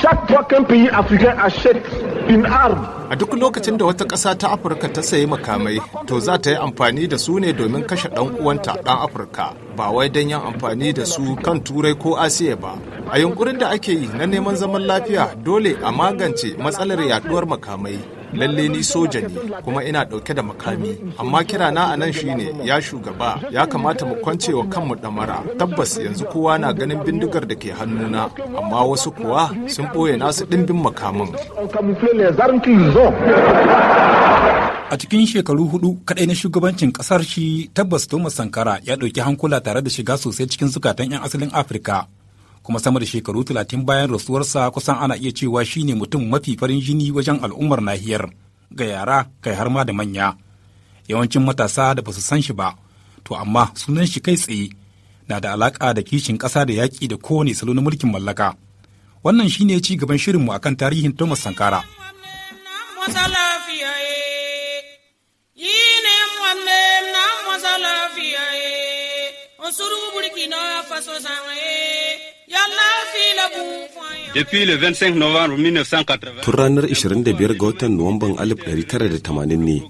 Chaque fois qu'un pays africain achète une arme, A duk lokacin da wata ƙasa ta Afirka ta sayi makamai, to za ta yi amfani da su ne domin kashe ɗan uwanta ɗan Afirka, ba wai don yin amfani da su kan Turai ko Asiya ba. A yunkurin da ake yi na neman zaman lafiya dole a magance matsalar yaduwar makamai. lalle ni soja ne kuma ina ɗauke da makami amma kira na a nan shine ya shugaba ya kamata mu kwance wa kanmu ɗamara tabbas yanzu kowa na ganin bindigar da ke hannuna amma wasu kuwa sun ɓoye nasu ɗimbin makamin a cikin shekaru hudu kadai na shugabancin kasar shi tabbas thomas sankara ya ɗauki hankula tare da shiga sosai cikin zukatan 'yan asalin afirka kuma sama da shekaru talatin bayan rasuwarsa kusan ana iya cewa shi ne mutum mafi farin jini wajen al'ummar nahiyar ga yara kai har ma da manya yawancin matasa da ba su san shi ba to amma sunan shi kai tsaye na da alaƙa da kishin ƙasa da yaƙi da kowane salo na mulkin mallaka wannan shine ci gaban shirinmu akan tarihin thomas sankara Suruburi kina faso sanwaye Tun ranar 25 ga watan Nuwamban 1980 ne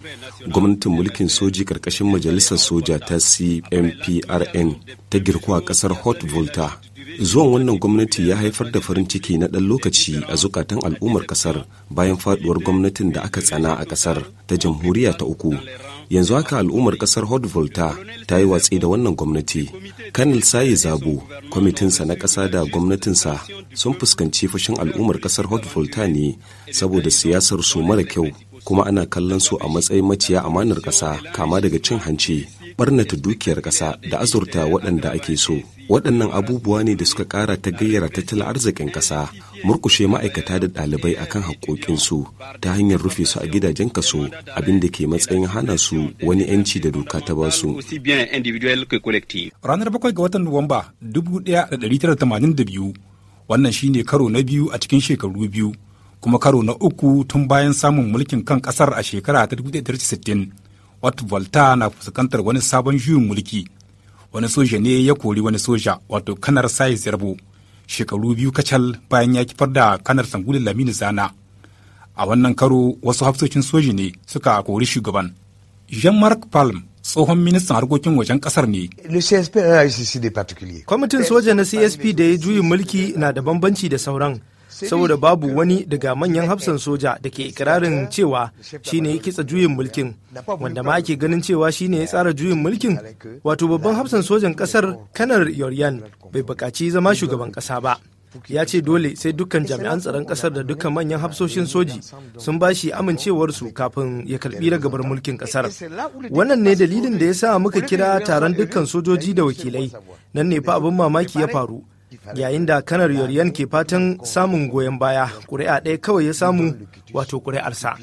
gwamnatin mulkin soji ƙarƙashin majalisar soja ta CMPRN ta girku a ƙasar Hot Volta. Zuwan wannan gwamnati ya haifar da farin ciki na ɗan lokaci a zukatan al'ummar kasar bayan faduwar gwamnatin da aka tsana a kasar ta jamhuriya ta uku. yanzu haka al'ummar kasar hot volta ta yi watsi da wannan gwamnati kanil sayi zabu kwamitinsa na ƙasa da gwamnatinsa sun fuskanci fashin al'ummar kasar hot volta ne saboda siyasar su mara kyau kuma ana kallon su a matsayin maciya amanar ƙasa kama daga cin hanci barnata dukiyar ƙasa da azurta waɗanda ake so waɗannan abubuwa ne da suka ƙara ta gayyara tattalin arzikin ƙasa murkushe ma'aikata da ɗalibai akan haƙoƙinsu ta hanyar rufe su a gidajen kaso abinda ke matsayin hana su wani 'yanci da doka ta ba su. Ranar bakwai ga watan Nuwamba 1982 wannan shine karo na biyu a cikin shekaru biyu kuma karo na uku tun bayan samun mulkin kan kasar a shekara ta 1960 wata Volta na fuskantar wani sabon juyin mulki wani soja ne ya kori wani soja wato kanar sayis yarbo shekaru biyu kacal bayan ya kifar da kanar sangulin lamini zana a wannan karo wasu hafsocin soja ne suka kori shugaban jean-marc palm tsohon ministan harkokin wajen kasar ne. Euh, Kwamitin soja na CSP da ya juyin mulki na da bambanci da sauran. saboda babu wani daga manyan hafsan soja da ke ikirarin cewa shine ya kitsa juyin mulkin wanda ma ake ganin cewa shi ne ya tsara juyin mulkin wato babban hafsan sojan kasar kanar yoryan bai bukaci zama shugaban kasa ba ya ce dole sai dukkan jami'an tsaron kasar da dukkan manyan hafsoshin soji sun ba shi amincewarsu kafin ya karbi ragabar mulkin kasar wannan ne dalilin da ya sa muka kira taron dukkan sojoji da wakilai nan ne fa abin mamaki ya faru yayin da kanar Yoriyan ke fatan samun goyon baya kuri'a ɗaya kawai ya samu wato sa.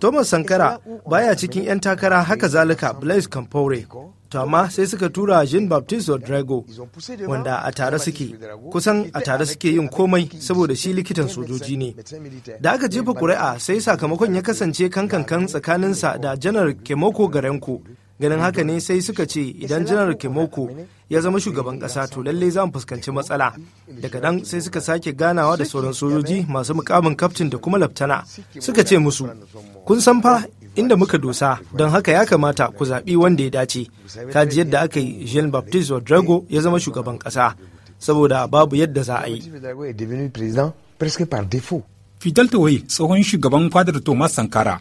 Thomas Sankara baya cikin 'yan takara haka zalika Blaise campore to amma sai suka tura Jean Baptiste Drago wanda a tare suke kusan a tare suke yin komai saboda shi likitan sojoji ne da aka jefa kuri'a sai sakamakon ya kasance kankankan tsakaninsa da janar Kemoko Garenko ganin haka ne sai suka ce idan janar kemoko ya zama shugaban kasa to lallai za mu fuskanci matsala daga dan sai suka sake ganawa da sauran sojoji masu mukamin kaftin da kuma laftana suka ce musu kun san fa inda muka dosa don haka ya kamata ku zaɓi wanda ya dace kaji yadda aka yi jean baptiste drago ya zama shugaban kasa saboda babu yadda za a yi fidel tawai tsohon shugaban fadar thomas sankara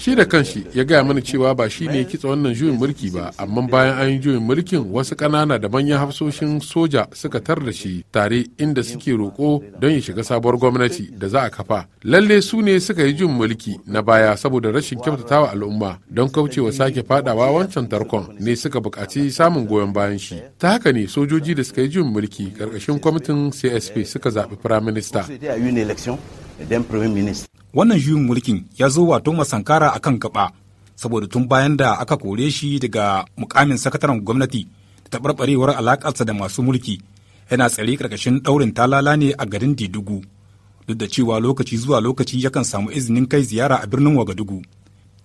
Shi da kanshi ya gaya mana cewa ba shi ne kitsa wannan juyin mulki ba, amma bayan an yi juyin mulkin wasu ƙanana da manyan hafsoshin soja suka tar da shi tare inda suke roƙo don ya shiga sabuwar gwamnati da za a kafa. Lalle su ne suka yi juyin mulki na baya saboda rashin kyautatawa al'umma don kaucewa sake fadawa wancan tarkon ne suka buƙaci samun goyon bayan shi. Ta haka ne sojoji da suka yi juyin mulki ƙarƙashin kwamitin CSP suka zaɓi firaminista. dan Prime Minister. Wannan juyin mulkin ya zo wa Thomas Sankara akan gaba saboda tun bayan da aka kore shi daga mukamin sakataren gwamnati da tabarbarewar alaƙarsa da masu mulki yana tsare karkashin daurin talala ne a garin Didugu duk da cewa lokaci zuwa lokaci yakan samu izinin kai ziyara a birnin Wagadugu.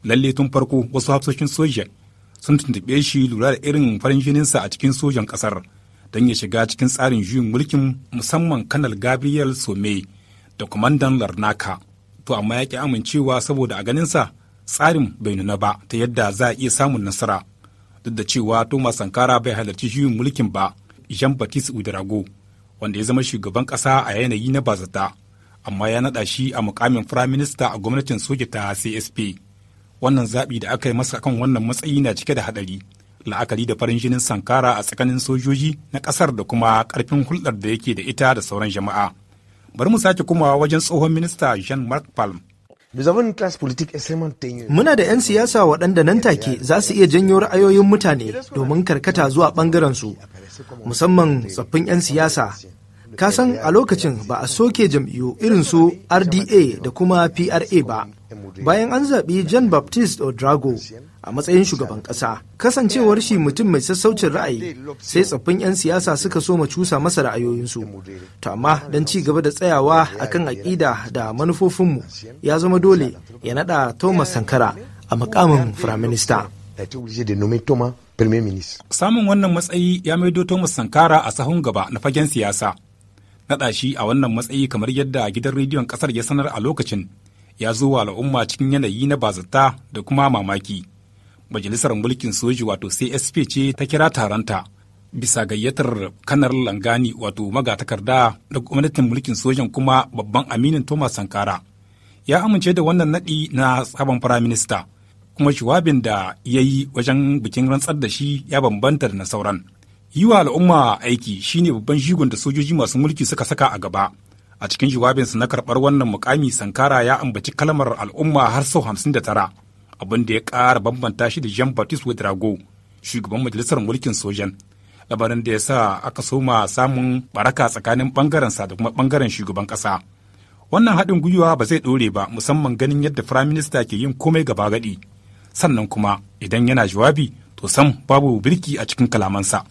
Lalle tun farko wasu hafsoshin soja sun tuntuɓe shi lura da irin farin jininsa a cikin sojan ƙasar don ya shiga cikin tsarin juyin mulkin musamman kanal Gabriel Some da kwamandan larnaka to amma ya ki amincewa saboda a ganinsa tsarin bai nuna ba ta yadda za a iya samun nasara duk da cewa toma sankara bai halarci juyin mulkin ba jean baptiste udrago wanda ya zama shugaban ƙasa a yanayi na bazata amma ya naɗa shi a mukamin firaminista a gwamnatin soja ta csp wannan zaɓi da aka yi masa kan wannan matsayi na cike da haɗari la'akari da farin jinin sankara a tsakanin sojoji na ƙasar da kuma ƙarfin hulɗar da yake da ita da sauran jama'a bari mu sake komawa wajen tsohon minista jean-marc palm Muna da 'yan siyasa waɗanda nan take za su iya janyo ra'ayoyin mutane domin karkata zuwa ɓangarensu, musamman tsaffin 'yan siyasa. ka san a lokacin ba a soke jam'iyyu irin su RDA da kuma PRA ba. Bayan an zaɓi Jean Baptiste Odrago, a matsayin shugaban ƙasa kasancewar shi mutum mai sassaucin ra'ayi sai tsaffin 'yan siyasa suka so ma cusa masa ra'ayoyinsu to amma don ci gaba da tsayawa a kan aƙida da manufofinmu ya zama dole ya naɗa thomas sankara a makamin firaminista samun wannan matsayi ya maido thomas sankara a sahun gaba na fagen siyasa naɗa shi a wannan matsayi kamar yadda gidan rediyon ƙasar ya sanar a lokacin ya zo wa al'umma cikin yanayi na bazata da kuma mamaki majalisar mulkin soji wato CSP ce ta kira taronta bisa gayyatar kanar Langani wato magatakarda da gwamnatin mulkin sojan kuma babban aminin Thomas Sankara. Ya amince da wannan naɗi na sabon firaminista kuma jawabin da ya yi wajen bikin rantsar da shi ya bambanta da na sauran. Yi wa al'umma aiki shine babban jigon da sojoji masu mulki suka saka a gaba. A cikin jawabinsa na karɓar wannan mukami Sankara ya ambaci kalmar al'umma har sau hamsin da tara. abin da ya ƙara bambanta shi da jean baptiste ouedraogo shugaban majalisar mulkin sojan labarin da ya sa aka soma samun baraka tsakanin sa da kuma bangaren shugaban kasa. wannan haɗin gwiwa ba zai ɗore ba musamman ganin yadda firaminista ke yin komai gaba gadi sannan kuma idan yana jawabi to sam babu birki a cikin kalamansa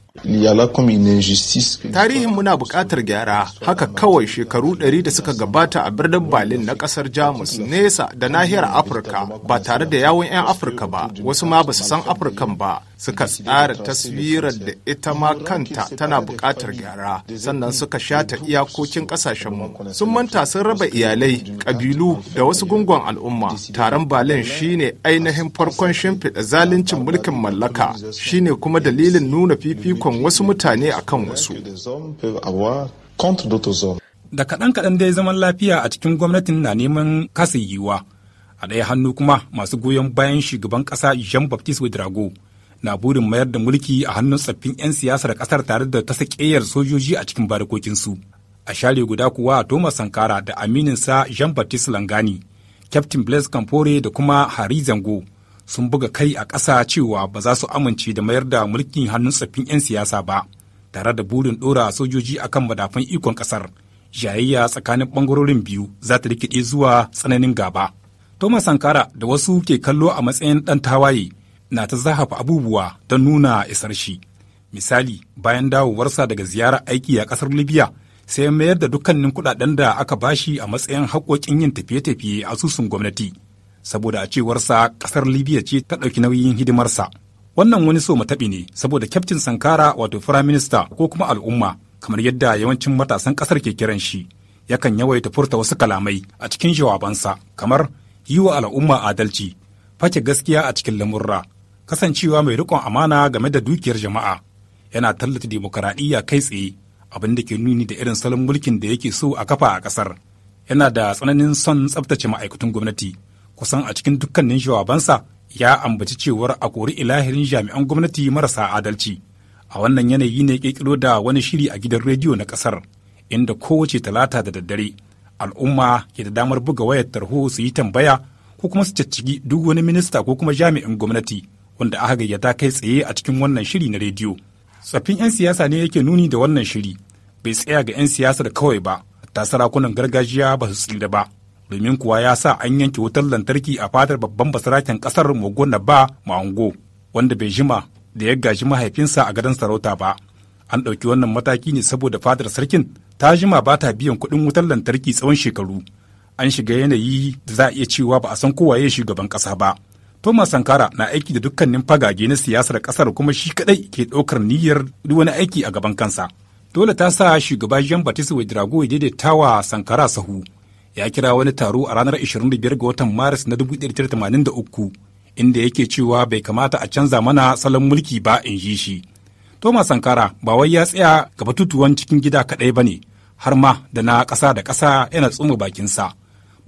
Tarihin muna buƙatar gyara haka kawai shekaru ɗari da suka gabata a birnin Berlin na ƙasar Jamus nesa da nahiyar Afirka ba tare da yawon 'yan Afirka ba wasu ma ba su san Afirkan ba suka tsara taswirar da ita ma kanta tana buƙatar gyara sannan suka shata iyakokin ƙasashenmu sun manta sun raba iyalai ƙabilu da wasu gungun al'umma taron Berlin shine ainihin farkon shimfiɗa zaluncin mulkin mallaka shine kuma dalilin nuna fifiko ikon wasu mutane akan wasu. Da kaɗan-kaɗan dai zaman lafiya a cikin gwamnatin na neman kasa yiwuwa. A ɗaya hannu kuma masu goyon bayan shugaban ƙasa Jean-Baptiste Ouedraogo na burin mayar da mulki a hannun tsaffin 'yan siyasar ƙasar tare da ta sakeyar sojoji a cikin barakokinsu. A share guda kuwa Thomas Sankara da aminin sa Jean-Baptiste Langani, Captain Blaise kampore da kuma Hari Zango sun buga kai a ƙasa cewa ba za su amince da mayar da mulkin hannun tsaffin 'yan siyasa ba tare da burin ɗora sojoji akan madafan ikon ƙasar jayayya tsakanin ɓangarorin biyu za ta rikide zuwa tsananin gaba thomas sankara da wasu ke kallo a matsayin ɗan tawaye na ta zahafa abubuwa don nuna isar shi misali bayan dawowarsa daga ziyarar aiki a ƙasar libya sai mayar da dukkanin kuɗaɗen da aka bashi a matsayin haƙoƙin yin tafiye-tafiye a asusun gwamnati saboda a cewarsa kasar libya ce ta ɗauki nauyin hidimarsa wannan wani so mataɓi ne saboda kyaftin sankara wato firaminista ko kuma al'umma kamar yadda yawancin matasan ƙasar ke kiran shi yakan yawaita furta wasu kalamai a cikin jawabansa kamar yi wa al'umma adalci fake gaskiya a cikin lamurra kasancewa mai riƙon amana game da dukiyar jama'a yana tallata dimokuraɗiyya kai tsaye abin da ke nuni da irin salon mulkin da yake so a kafa a ƙasar yana da tsananin son tsabtace ma'aikatan gwamnati kusan a cikin dukkanin shawabansa ya ambaci cewar a kori ilahirin jami'an gwamnati marasa adalci a wannan yanayi ne ƙirƙiro da wani shiri a gidan rediyo na kasar inda kowace talata da daddare al'umma ke da damar buga wayar tarho su yi tambaya ko kuma su caccigi duk wani minista ko kuma jami'in gwamnati wanda aka gayyata kai tsaye a cikin wannan shiri na rediyo tsaffin 'yan siyasa ne yake nuni da wannan shiri bai tsaya ga 'yan siyasa da kawai ba ta sarakunan gargajiya ba su tsira ba domin kuwa ya sa an yanke wutar lantarki a fatar babban basaraken kasar Mogo na ba Maungo, wanda bai jima da ya gaji mahaifinsa a gadon sarauta ba. An ɗauki wannan mataki ne saboda fatar sarkin ta jima ba ta biyan kuɗin wutar lantarki tsawon shekaru. An shiga yanayi da za a iya cewa ba a san kowa ya shugaban ƙasa ba. Thomas Sankara na aiki da dukkanin fagage na siyasar ƙasar kuma shi kaɗai ke ɗaukar niyyar wani aiki a gaban kansa. Dole ta sa shugaba Jean Baptiste Ouedraogo ya daidaita wa Sankara sahu ya kira wani taro a ranar 25 ga watan maris na 1983 inda yake cewa bai kamata a canza mana salon mulki ba in ji shi thomas sankara ba wai ya tsaya ga batutuwan cikin gida kaɗai ba ne har ma da na ƙasa da ƙasa yana tsuma bakinsa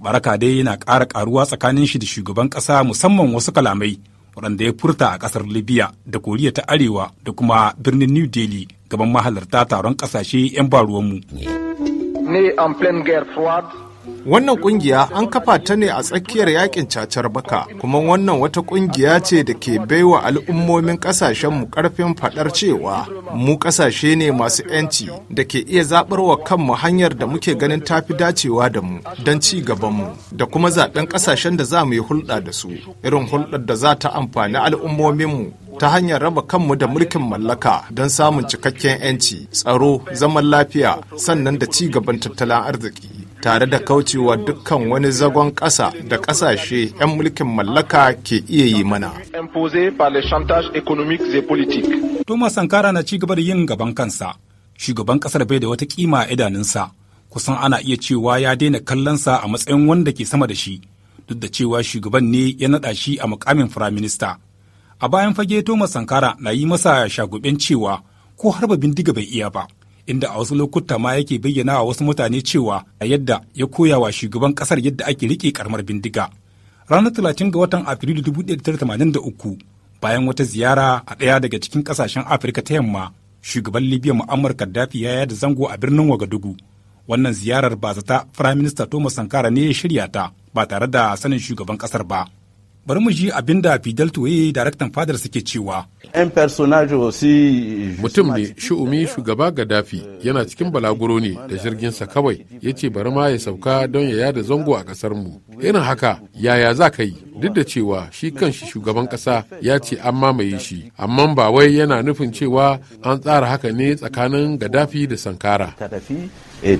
baraka dai yana ƙara ƙaruwa tsakanin shi da shugaban ƙasa musamman wasu kalamai waɗanda ya furta a ƙasar libya da koriya ta arewa da kuma birnin new delhi gaban mahalarta taron ƙasashe 'yan baruwanmu. ne en pleine guerre Wannan kungiya an kafa ta ne a tsakiyar yakin cacar baka, kuma wannan wata kungiya ce da ke baiwa al'ummomin ƙasashenmu karfin faɗar cewa mu ƙasashe ne masu 'yanci da ke iya zaɓar wa kanmu hanyar da muke ganin tafi dacewa da mu don ci gabanmu da kuma zaɓen ƙasashen da za mu yi hulɗa da su, irin hulɗar da za ta amfani al'ummominmu ta hanyar raba kanmu da mulkin mallaka don samun cikakken 'yanci tsaro zaman lafiya sannan da ci gaban tattalin arziki tare da kaucewa dukkan wani zagon ƙasa da ƙasashe 'yan mulkin mallaka ke iya yi mana. Thomas Sankara na ci gaba da yin gaban kansa. Shugaban ƙasar bai da wata kima a idanunsa, kusan ana iya cewa ya daina kallonsa a matsayin wanda ke sama da shi, duk da cewa shugaban ne ya naɗa shi a mukamin firaminista. A bayan fage Thomas Sankara na yi masa shagubin cewa ko harba bindiga bai iya ba. inda a wasu lokuta ma yake bayyana wa wasu mutane cewa a yadda ya koya wa shugaban kasar yadda ake riƙe karamar bindiga. Ranar talatin ga watan Afrilu dubu da uku bayan wata ziyara a ɗaya daga cikin ƙasashen Afirka ta yamma shugaban Libya Muammar Gaddafi ya yada zango a birnin Wagadugu. Wannan ziyarar ba zata minista Thomas Sankara ne ya shirya ta ba tare da sanin shugaban ƙasar ba. bari mu ji abin da Fidel Toye daraktan fadar suke cewa. Mutum ne shu'umi shugaba Gaddafi yana cikin balaguro ne da jirginsa kawai ya ce bari ma ya sauka don ya yada zango a mu Irin haka yaya za ka yi duk da cewa shi kanshi shugaban ƙasa ya ce an mamaye shi amma ba wai yana nufin cewa an tsara haka ne tsakanin Gaddafi da Sankara. Eh,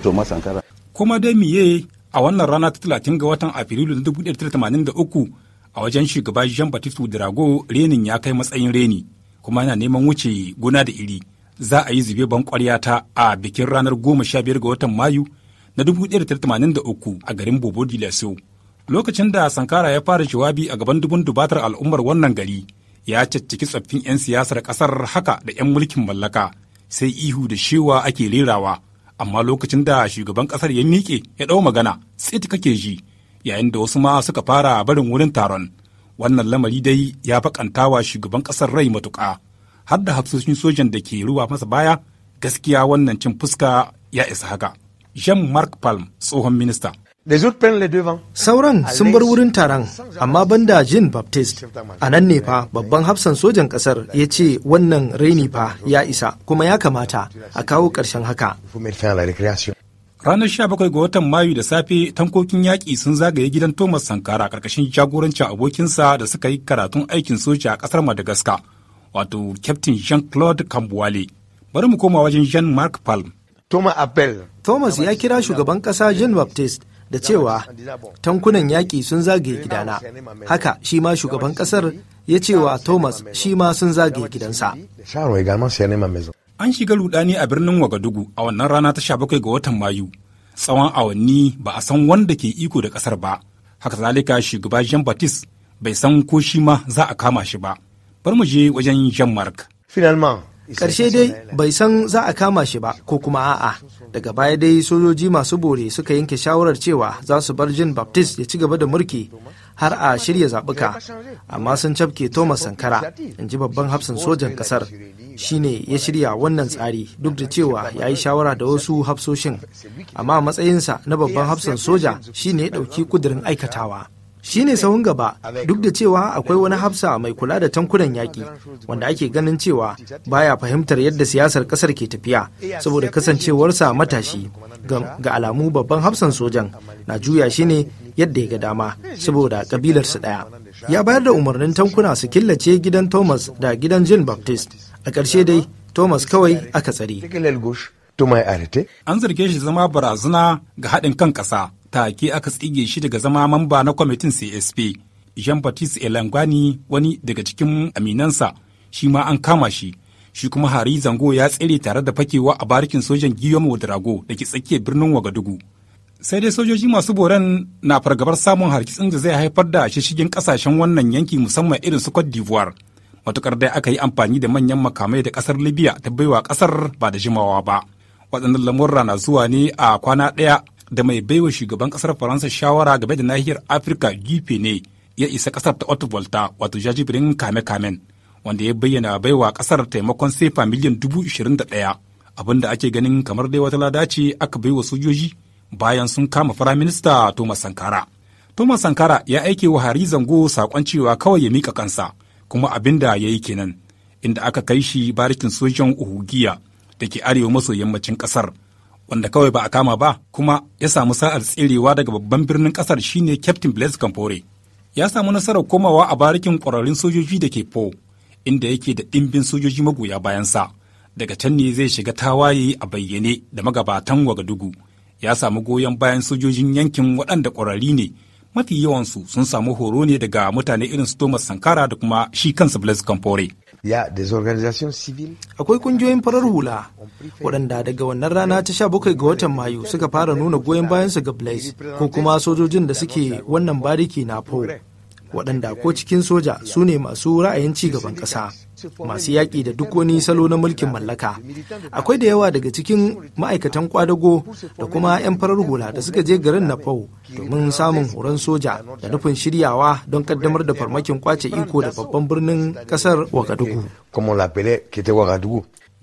Kuma dai miye a wannan rana ta 30 ga watan Afrilu 1983 a wajen shugaba jean baptiste drago renin ya kai matsayin reni kuma yana neman wuce gona da iri za a yi zube ban ta a bikin ranar goma sha biyar ga watan mayu na 1983 a garin bobo lokacin da sankara ya fara jawabi a gaban dubun dubatar al'ummar wannan gari ya caccaki tsaffin 'yan siyasar kasar haka da 'yan mulkin mallaka sai ihu da shewa ake rerawa amma lokacin da shugaban kasar ya miƙe ya ɗau magana sai kake ji yayin da wasu ma suka fara barin wurin taron wannan lamari dai ya wa shugaban ƙasar rai matuƙa har da hafsoshin sojan da ke ruwa masa baya gaskiya wannan cin fuska ya isa haka jean mark palm tsohon minista Sauran sun bar wurin taron, amma banda Jean Baptiste, a nan ne fa babban hafsan sojan kasar ya ce wannan raini fa ya isa kuma ya kamata a kawo karshen haka. Ranar 17 ga watan Mayu da safe tankokin yaƙi sun zagaye gidan Thomas Sankara ƙarƙashin jagorancin abokinsa da suka yi karatun aikin soja a ƙasar Madagascar, wato Captain Jean-Claude Kambuwale. Bari mu koma wajen Jean-Marc Palm. Thomas Appel. ya kira shugaban ƙasa Jean-Baptiste da cewa tankunan yaƙi sun zagaye gidana haka shi ma shugaban ƙasar ya ce wa thomas shi ma sun zagaye gidansa An shiga rudani a birnin Wagadugu a wannan rana ta 17 ga watan Mayu. Tsawon awanni ba a san wanda ke iko da kasar ba. Haka zalika shugaba Jean Baptiste bai san ko shi ma za a kama shi ba. Bar mu je wajen Jean Marc. Finalement, Ƙarshe dai bai san za a kama shi ba ko kuma a'a. Daga baya dai sojoji masu bore suka yanke shawarar cewa za su bar Jin Baptist ya ci gaba da mulki har a shirya zaɓuka. Amma sun cafke Thomas Sankara, in ji babban hafsan sojan ƙasar. shine ya shirya wannan tsari duk da cewa ya yi shawara da wasu hafsoshin amma matsayinsa na babban hafsan soja shine ya ɗauki kudirin aikatawa shi ne sahun gaba duk da cewa akwai wani hafsa mai kula da tankunan yaƙi wanda ake ganin cewa baya fahimtar yadda siyasar ƙasar ke tafiya saboda kasancewarsa matashi ga alamu babban hafsan sojan na juya shi ne yadda ya ga dama saboda ƙabilarsu ɗaya ya bayar da umarnin tankuna su killace gidan thomas da gidan jean baptist a ƙarshe dai thomas kawai aka tsare Arete. An zarge shi zama barazana ga haɗin kan ƙasa, take aka tsige shi daga zama mamba na kwamitin CSP. Jean-Baptiste Elangwani wani daga cikin aminansa shi ma an kama shi. Shi kuma Hari Zango ya tsere tare da fakewa a barikin sojan Guillaume Wadrago da ke tsakiyar birnin Wagadugu. Sai dai sojoji masu boran na fargabar samun hargitsin da zai haifar da shishigin kasashen wannan yanki musamman irin su Cote d'Ivoire. Matukar dai aka yi amfani da manyan makamai da kasar Libya ta baiwa kasar ba da jimawa ba. waɗannan lamurra na zuwa ne a kwana ɗaya da mai baiwa shugaban ƙasar faransa shawara game da nahiyar afirka gife ne ya isa ƙasar ta otto volta wato jajibirin kame-kamen wanda ya bayyana baiwa ƙasar taimakon sefa miliyan dubu ishirin da ɗaya abin da ake ganin kamar dai wata lada ce aka baiwa sojoji bayan sun kama firaminista thomas sankara thomas sankara ya aike wa hari zango saƙon cewa kawai ya miƙa kansa kuma abin da ya yi kenan inda aka kai shi barikin sojan uhugiya da ke arewa maso yammacin kasar wanda kawai ba a kama ba kuma ya samu sa'ar tserewa daga babban birnin kasar shine captain blaise campore ya samu nasarar komawa a barikin kwararrun sojoji da ke po inda yake da ɗimbin sojoji magoya bayansa daga can ne zai shiga tawaye a bayyane da magabatan wagadugu ya samu goyon bayan sojojin yankin waɗanda kwararri ne mafi yawansu sun samu horo ne daga mutane irin su Thomas Sankara da kuma shi kansu Blaise Compaore. ya akwai kungiyoyin farar hula waɗanda daga wannan rana ta 17 ga watan mayu suka fara nuna goyon bayansu ga blaise ko kuma sojojin da suke wannan bariki na po waɗanda ko cikin soja su ne masu ra'ayin ci gaban ƙasa masu yaƙi da duk wani salo na mulkin mallaka akwai da yawa daga cikin ma'aikatan kwadago da kuma 'yan farar hula da suka je garin nafau domin samun horon soja da nufin shiryawa don kaddamar da farmakin kwace iko da babban birnin ƙasar wagadugu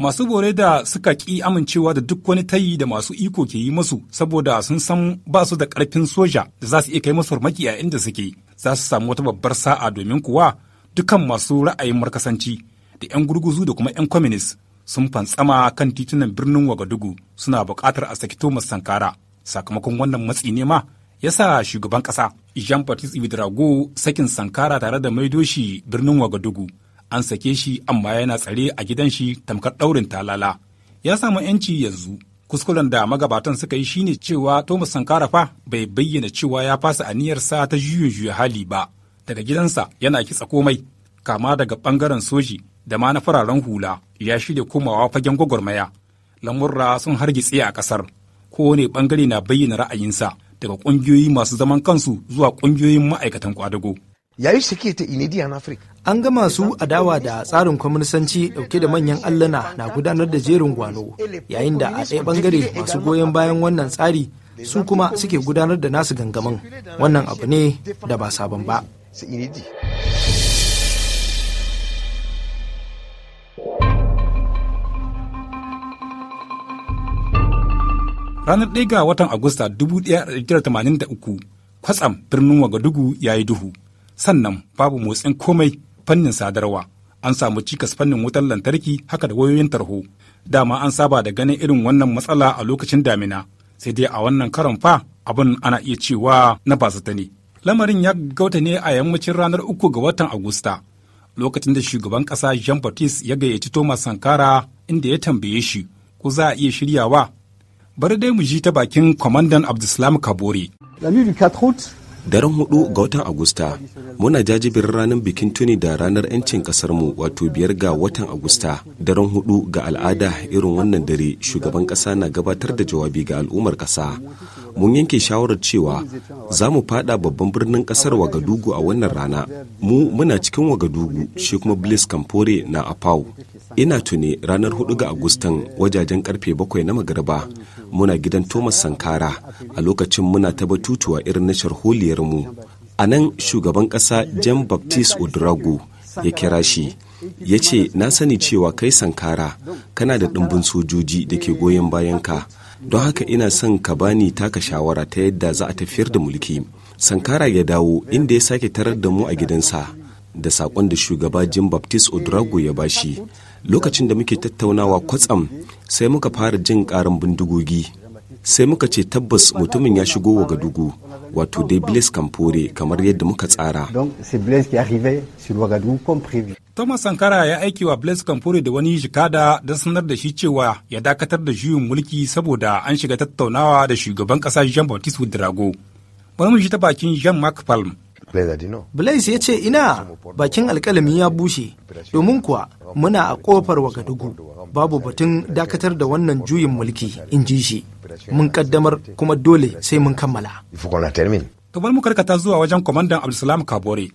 masu bore da suka ƙi amincewa da duk wani tayi da masu iko ke yi musu saboda sun san ba su da ƙarfin soja da za su iya kai musu farmaki a inda suke za su samu wata babbar sa'a domin kuwa dukan masu ra'ayin markasanci da 'yan gurguzu da kuma 'yan kwaminis sun fantsama kan titunan birnin wagadugu suna buƙatar a saki thomas sankara sakamakon wannan matsi ne ma ya sa shugaban ƙasa jean baptiste ibidrago sakin sankara tare da maidoshi birnin wagadugu an sake shi amma yana tsare a gidan shi tamkar ɗaurin talala ya samu 'yanci yanzu kuskuren da magabatan suka yi shine cewa thomas sankara fa bai bayyana cewa ya fasa aniyarsa ta juyin juya hali ba daga gidansa yana kitsa komai kama daga bangaren soji da ma na fararen hula ya shirya komawa fagen gwagwarmaya lamurra sun hargitse a ƙasar kowane bangare na bayyana ra'ayinsa daga kungiyoyi masu zaman kansu zuwa kungiyoyin ma'aikatan kwadago. An ga masu adawa da tsarin kwaminisanci dauke da manyan allana na gudanar da jerin gwano yayin da a ɗaya bangare masu goyon bayan wannan tsari su kuma suke gudanar da nasu gangamin wannan abu ne da ba sabon ba. c'est inédit. Ranar ɗaya ga watan Agusta 1983, kwatsam birnin Wagadugu ya yi duhu, sannan babu motsin komai fannin sadarwa. An samu cikas fannin wutar lantarki haka da wayoyin tarho. Dama an saba da ganin irin wannan matsala a lokacin damina, sai dai a wannan karon fa abin ana iya cewa na basata ne. lamarin ya gauta ne a yammacin ranar uku ga watan agusta lokacin da shugaban ƙasa jean baptiste ya gayyaci thomas sankara inda ya tambaye shi ko za a iya shiryawa bari dai mu ji ta bakin kwamandan abdulsalam kabore Daren hudu ga watan Agusta, muna jajibin ranar bikin tuni da ranar 'yancin kasarmu wato biyar ga watan Agusta. Daren hudu ga al'ada irin wannan dare shugaban kasa na gabatar da jawabi ga al'ummar kasa. Mun yanke shawarar cewa za mu fada babban birnin kasar Wagadugu a wannan rana. Mu muna cikin Wagadugu shi kuma blis Kamfore na Apau. Ina tuni ranar hudu ga Agustan wajajen karfe bakwai na magarba. Muna gidan Thomas Sankara a lokacin muna ta batutuwa irin na holiya. mu a nan shugaban ƙasa jan baptiste odrago ya kira shi ya ce na sani cewa kai sankara kana da ɗimbin sojoji da ke goyon ka don haka ina son ka bani taka shawara ta yadda za a tafiyar da mulki sankara ya dawo inda ya sake tarar da mu a gidansa da saƙon da shugaba jim baptist odrago ya bashi lokacin da muke tattaunawa kwatsam sai muka fara jin ƙarin bindigogi sai muka ce tabbas mutumin ya shigo wa gadugu wato dai blaise kamfore kamar yadda muka tsara thomas sankara ya aiki wa blaise kamfore da wani shikada don sanar da shi cewa ya dakatar da juyin mulki saboda an shiga tattaunawa da shugaban kasa jean baptiste drago bari mu ta bakin jean mark palm Blaise ya ce ina bakin alkalami ya bushe domin kuwa muna a kofar wagadugu babu batun dakatar da wannan juyin mulki in ji shi mun kaddamar kuma dole sai mun kammala. To mu karkata zuwa wajen kwamandan Abdulsalam Kabore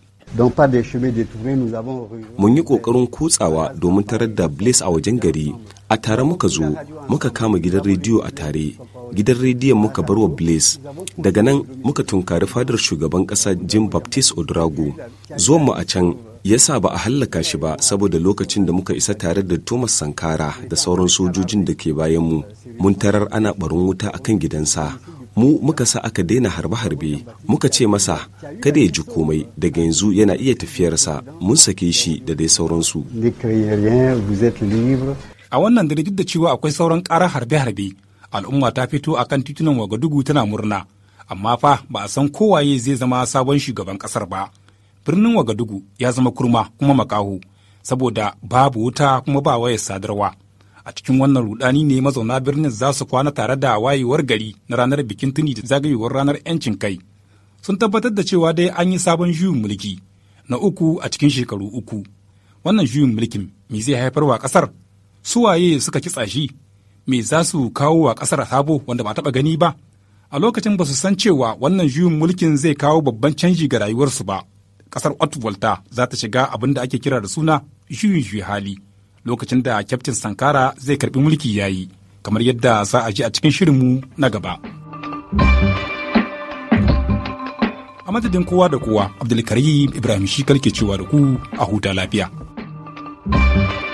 Mun yi ƙoƙarin kutsawa domin tarar da Blaise a wajen gari, a tare muka zo, muka kama gidan rediyo a tare, gidan rediyon muka bar wa blaze daga nan muka tunkari fadar shugaban ƙasa jim baptiste odrago zuwan mu a can ya sa ba a hallaka shi ba saboda lokacin da muka isa tare da thomas sankara da sauran sojojin da ke bayan mu mun tarar ana barin wuta akan gidansa mu muka sa aka daina harbe-harbe muka ce masa kada ya ji komai daga yanzu yana iya tafiyarsa mun sake shi da dai sauransu a wannan dare da cewa akwai sauran ƙarar harbe-harbe al'umma ta fito a kan titunan wagadugu tana murna amma fa ba a san kowaye zai zama sabon shugaban kasar ba birnin wagadugu ya zama kurma kuma makaho saboda babu wuta kuma ba wayar sadarwa a cikin wannan rudani ne mazauna birnin za su kwana tare da wayewar gari na ranar bikin tuni da zagayowar ranar 'yancin kai sun tabbatar da cewa dai an yi sabon juyin mulki na uku a cikin shekaru uku wannan juyin mulkin me zai haifarwa ƙasar suwaye suka kitsa shi me za su kawo wa ƙasar sabo wanda ba taɓa gani ba a lokacin ba su san cewa wannan juyin mulkin zai kawo babban canji ga rayuwarsu ba ƙasar otvolta za ta shiga abin da ake kira da suna juyin juyi hali lokacin da kyaftin sankara zai karbi mulki yayi kamar yadda za a ji a cikin shirinmu na gaba a madadin kowa da kowa abdulkarim ibrahim shi ke cewa da ku a huta lafiya thank you